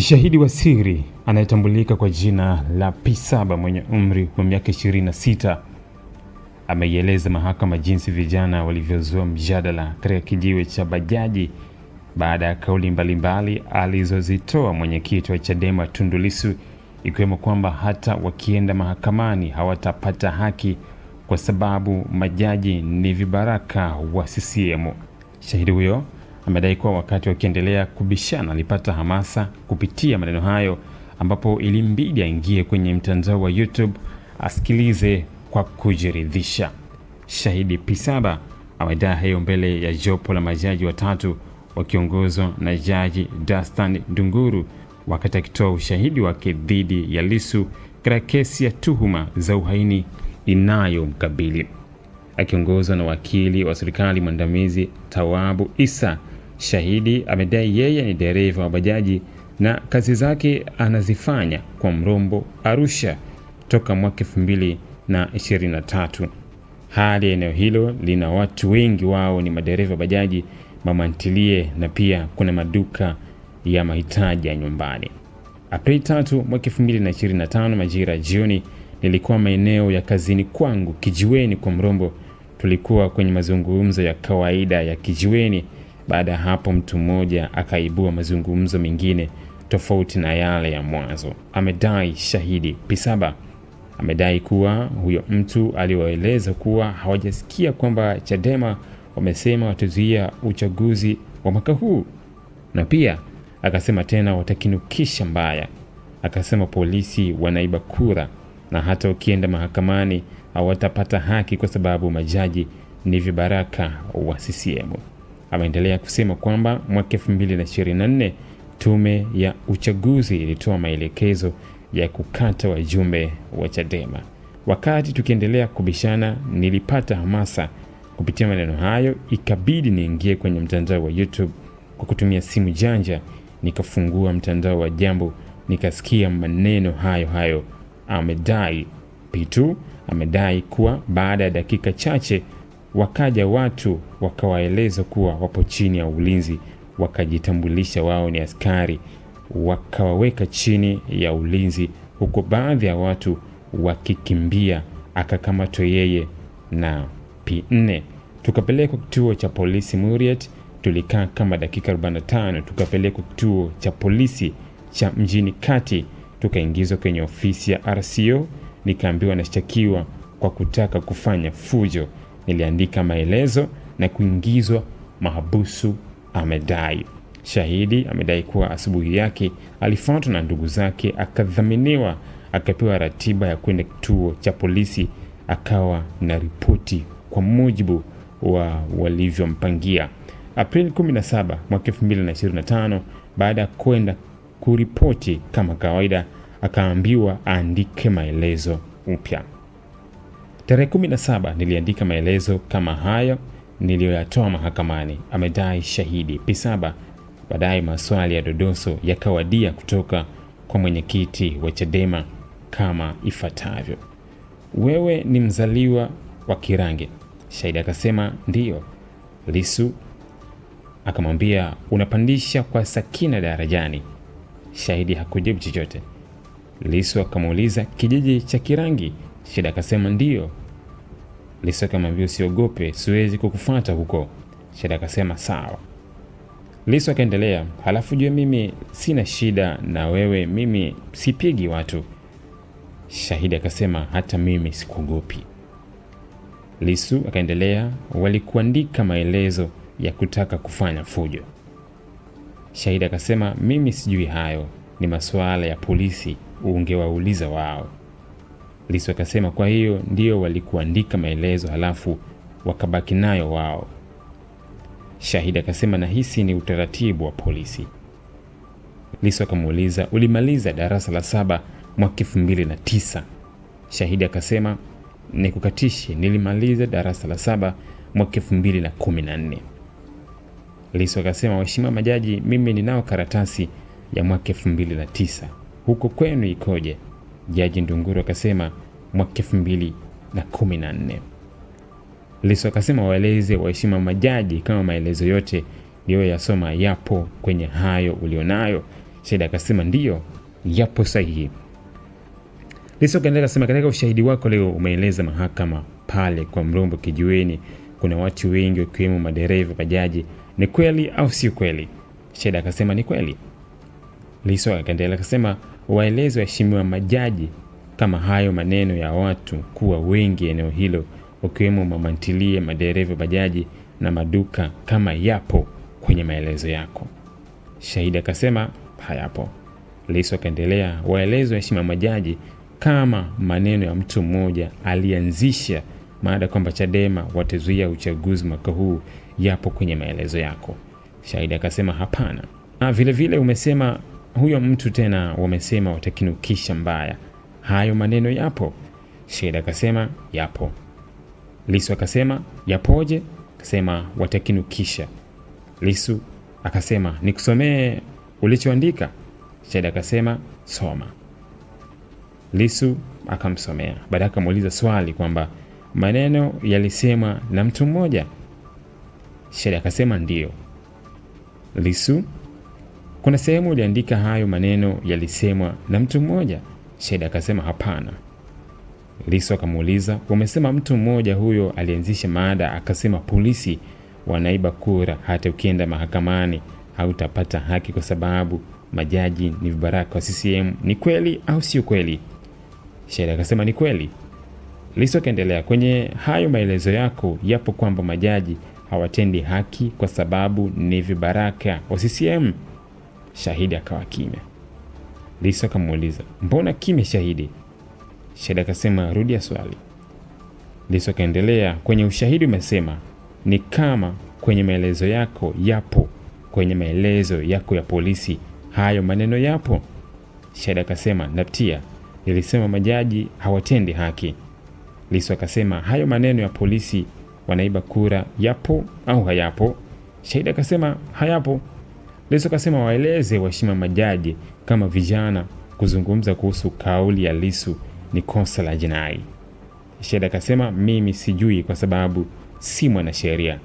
Shahidi wa siri anayetambulika kwa jina la P7 mwenye umri wa miaka 26 ameieleza mahakama jinsi vijana walivyozua mjadala katika kijiwe cha bajaji baada ya kauli mbalimbali alizozitoa mwenyekiti wa Chadema Tundu Lissu, ikiwemo kwamba hata wakienda mahakamani hawatapata haki kwa sababu majaji ni vibaraka wa CCM. Shahidi huyo amedai kuwa wakati wakiendelea kubishana alipata hamasa kupitia maneno hayo, ambapo ilimbidi aingie kwenye mtandao wa YouTube asikilize kwa kujiridhisha. Shahidi P7 amedai hayo mbele ya jopo la majaji watatu wakiongozwa na Jaji Dastan Dunguru wakati akitoa ushahidi wake dhidi ya Lissu katika kesi ya tuhuma za uhaini inayomkabili akiongozwa na wakili wa serikali mwandamizi Tawabu Isa. Shahidi amedai yeye ni dereva wa bajaji na kazi zake anazifanya kwa Mrombo, Arusha toka mwaka 2023. Hali ya eneo hilo lina watu wengi, wao ni madereva bajaji, mama ntilie na pia kuna maduka ya mahitaji ya nyumbani. Aprili 3 mwaka 2025 majira ya jioni, nilikuwa maeneo ya kazini kwangu kijiweni kwa Mrombo. Tulikuwa kwenye mazungumzo ya kawaida ya kijiweni baada ya hapo, mtu mmoja akaibua mazungumzo mengine tofauti na yale ya mwanzo. Amedai shahidi P7 amedai kuwa huyo mtu aliwaeleza kuwa hawajasikia kwamba Chadema wamesema watazuia uchaguzi wa mwaka huu, na pia akasema tena watakinukisha mbaya. Akasema polisi wanaiba kura na hata ukienda mahakamani hawatapata haki kwa sababu majaji ni vibaraka wa CCM ameendelea kusema kwamba mwaka 2024 tume ya uchaguzi ilitoa maelekezo ya kukata wajumbe wa Chadema. Wakati tukiendelea kubishana, nilipata hamasa kupitia maneno hayo, ikabidi niingie kwenye mtandao wa YouTube kwa kutumia simu janja, nikafungua mtandao wa Jambo, nikasikia maneno hayo hayo. Amedai Pitu amedai kuwa baada ya dakika chache wakaja watu wakawaeleza kuwa wapo chini ya ulinzi, wakajitambulisha wao ni askari, wakawaweka chini ya ulinzi, huku baadhi ya watu wakikimbia, akakamatwa yeye na P4. Tukapelekwa kituo cha polisi Muriet, tulikaa kama dakika 45. Tukapelekwa kituo cha polisi cha mjini kati, tukaingizwa kwenye ofisi ya RCO, nikaambiwa nashtakiwa kwa kutaka kufanya fujo niliandika maelezo na kuingizwa mahabusu, amedai. Shahidi amedai kuwa asubuhi yake alifuatwa na ndugu zake, akadhaminiwa, akapewa ratiba ya kwenda kituo cha polisi, akawa na ripoti kwa mujibu wa walivyompangia. Aprili 17 mwaka 2025, baada ya kwenda kuripoti kama kawaida, akaambiwa aandike maelezo upya. Tarehe 17 niliandika maelezo kama hayo niliyoyatoa mahakamani, amedai shahidi P7. Baadaye maswali ya dodoso yakawadia kutoka kwa mwenyekiti wa Chadema kama ifuatavyo: wewe ni mzaliwa wa Kirange? Shahidi akasema ndiyo. Lisu akamwambia unapandisha kwa Sakina darajani? Shahidi hakujibu chochote. Lisu akamuuliza kijiji cha Kirangi Shida akasema ndiyo. Lissu akamwambia usiogope, siwezi kukufuata huko. Shida akasema sawa. Lisa akaendelea, halafu jue mimi sina shida na wewe, mimi sipigi watu. Shahidi akasema hata mimi sikuogopi. lisu akaendelea, walikuandika maelezo ya kutaka kufanya fujo. Shahidi akasema mimi sijui hayo, ni masuala ya polisi, ungewauliza wao. Lissu akasema kwa hiyo ndio walikuandika maelezo halafu wakabaki nayo wao. Shahidi akasema nahisi ni utaratibu wa polisi. Lissu akamuuliza ulimaliza darasa la saba mwaka elfu mbili na tisa? Shahidi akasema nikukatishe, nilimaliza darasa la saba mwaka elfu mbili na kumi na nne. Lissu akasema waheshimiwa majaji, mimi ninao karatasi ya mwaka elfu mbili na tisa, huko kwenu ikoje? Jaji Ndunguru akasema mwaka 2014. Lissu akasema waeleze waheshima majaji kama maelezo yote yasoma yapo kwenye hayo ulionayo. Shahidi akasema ndiyo, yapo sahihi. Lissu akaendelea akasema, katika ushahidi wako leo umeeleza mahakama pale kwa Mrombo kijiweni kuna watu wengi wakiwemo madereva bajaji, ni kweli au si kweli? Shahidi akasema ni kweli. Lissu akaendelea akasema waeleze waheshimiwa majaji kama hayo maneno ya watu kuwa wengi eneo hilo, wakiwemo mamantilie, madereva bajaji na maduka kama yapo kwenye maelezo yako. Shahidi akasema hayapo. Lissu akaendelea, waeleze waheshimiwa majaji kama maneno ya mtu mmoja alianzisha maada kwamba Chadema watazuia uchaguzi mwaka huu yapo kwenye maelezo yako. Shahidi akasema hapana. Ah, vile vilevile umesema huyo mtu tena wamesema watakinukisha mbaya. Hayo maneno yapo? Sheda akasema yapo. Lisu akasema yapoje? Akasema watakinukisha. Lisu akasema nikusomee ulichoandika? Sheda akasema soma. Lisu akamsomea, baadaye akamuuliza swali kwamba maneno yalisemwa na mtu mmoja? Sheda akasema ndiyo. Lisu kuna sehemu uliandika hayo maneno yalisemwa na mtu mmoja? Sheda akasema hapana. Lisu akamuuliza, umesema mtu mmoja huyo alianzisha mada? Akasema polisi wanaiba kura, hata ukienda mahakamani hautapata haki kwa sababu majaji ni vibaraka wa CCM. Ni kweli au sio kweli? Sheda akasema ni kweli. Lisu akaendelea, kwenye hayo maelezo yako yapo kwamba majaji hawatendi haki kwa sababu ni vibaraka wa CCM. Shahidi akawa kimya. Lisu akamuuliza, mbona kimya shahidi? Shahidi akasema, rudia swali. Lisu akaendelea, kwenye ushahidi umesema ni kama kwenye maelezo yako yapo kwenye maelezo yako ya polisi hayo maneno yapo? Shahidi akasema naptia, nilisema majaji hawatendi haki. Lisu akasema hayo maneno ya polisi wanaiba kura yapo au hayapo? Shahidi akasema hayapo. Lissu akasema waeleze waheshimiwa majaji kama vijana kuzungumza kuhusu kauli ya Lissu ni kosa la jinai. Sheda akasema mimi sijui kwa sababu si mwanasheria.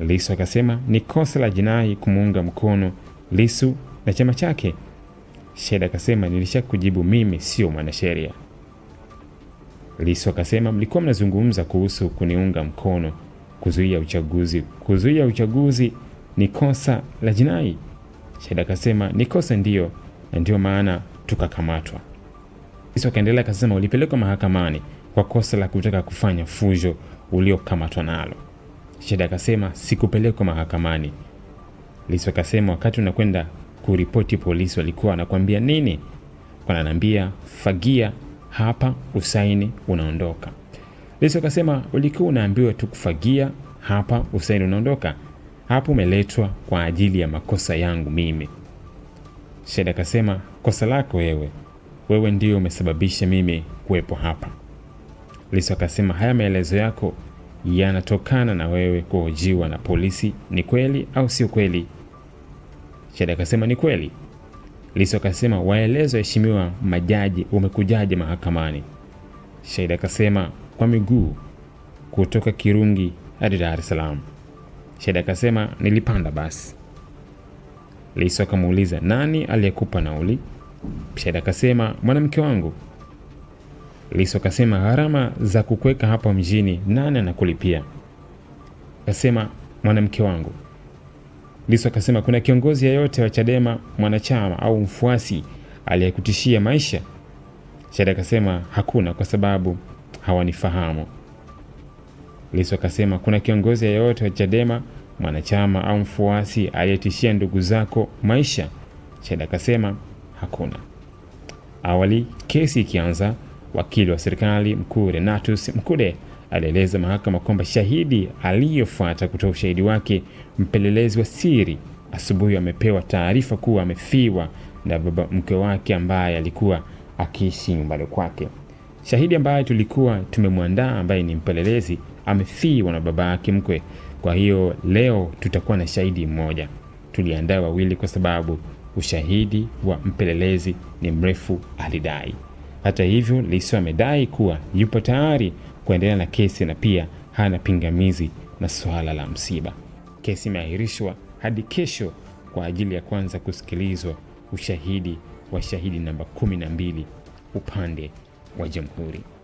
Lissu akasema ni kosa la jinai kumuunga mkono Lissu na chama chake. Sheda akasema nilishakujibu mimi sio mwanasheria. Lissu akasema mlikuwa mnazungumza kuhusu kuniunga mkono kuzuia uchaguzi, kuzuia uchaguzi ni kosa la jinai? Shahidi akasema ni kosa ndiyo, na ndiyo maana tukakamatwa. Polisi wakaendelea akasema, ulipelekwa mahakamani kwa kosa la kutaka kufanya fujo uliokamatwa nalo. Shahidi akasema sikupelekwa mahakamani. Lissu akasema wakati unakwenda kuripoti polisi walikuwa wanakuambia nini? Wananiambia fagia hapa, usaini, unaondoka. Lissu akasema ulikuwa unaambiwa tu kufagia hapa, usaini, unaondoka hapo umeletwa kwa ajili ya makosa yangu mimi. Sheda akasema, kosa lako wewe, wewe ndiyo umesababisha mimi kuwepo hapa. Lissu akasema, haya maelezo yako yanatokana na wewe kuhojiwa na polisi, ni kweli au sio kweli? Sheda akasema, ni kweli. Lissu akasema, waelezo waheshimiwa majaji umekujaje mahakamani? Sheda akasema, kwa miguu kutoka Kirungi hadi Dar es Salaam. Sheda akasema nilipanda basi. Lisu akamuuliza nani aliyekupa nauli? Sheda akasema mwanamke wangu. Lisu akasema gharama za kukweka hapa mjini nani anakulipia? Akasema mwanamke wangu. Lisu akasema kuna kiongozi yeyote wa Chadema mwanachama au mfuasi aliyekutishia maisha? Sheda akasema hakuna, kwa sababu hawanifahamu. Lissu akasema kuna kiongozi yeyote wa Chadema, mwanachama au mfuasi aliyetishia ndugu zako maisha? Sheda akasema hakuna. Awali kesi ikianza, wakili wa serikali mkuu Renatus Mkude alieleza mahakama kwamba shahidi aliyofuata kutoa ushahidi wake, mpelelezi wa siri, asubuhi amepewa taarifa kuwa amefiwa na baba mke wake ambaye alikuwa akiishi nyumbani kwake. Shahidi ambaye tulikuwa tumemwandaa ambaye ni mpelelezi amefiwa na baba yake mkwe. Kwa hiyo leo tutakuwa na shahidi mmoja, tuliandaa wawili kwa sababu ushahidi wa mpelelezi ni mrefu, alidai. Hata hivyo, Lissu amedai kuwa yupo tayari kuendelea na kesi na pia hana pingamizi na suala la msiba. Kesi imeahirishwa hadi kesho kwa ajili ya kwanza kusikilizwa ushahidi wa shahidi namba 12 upande wa jamhuri.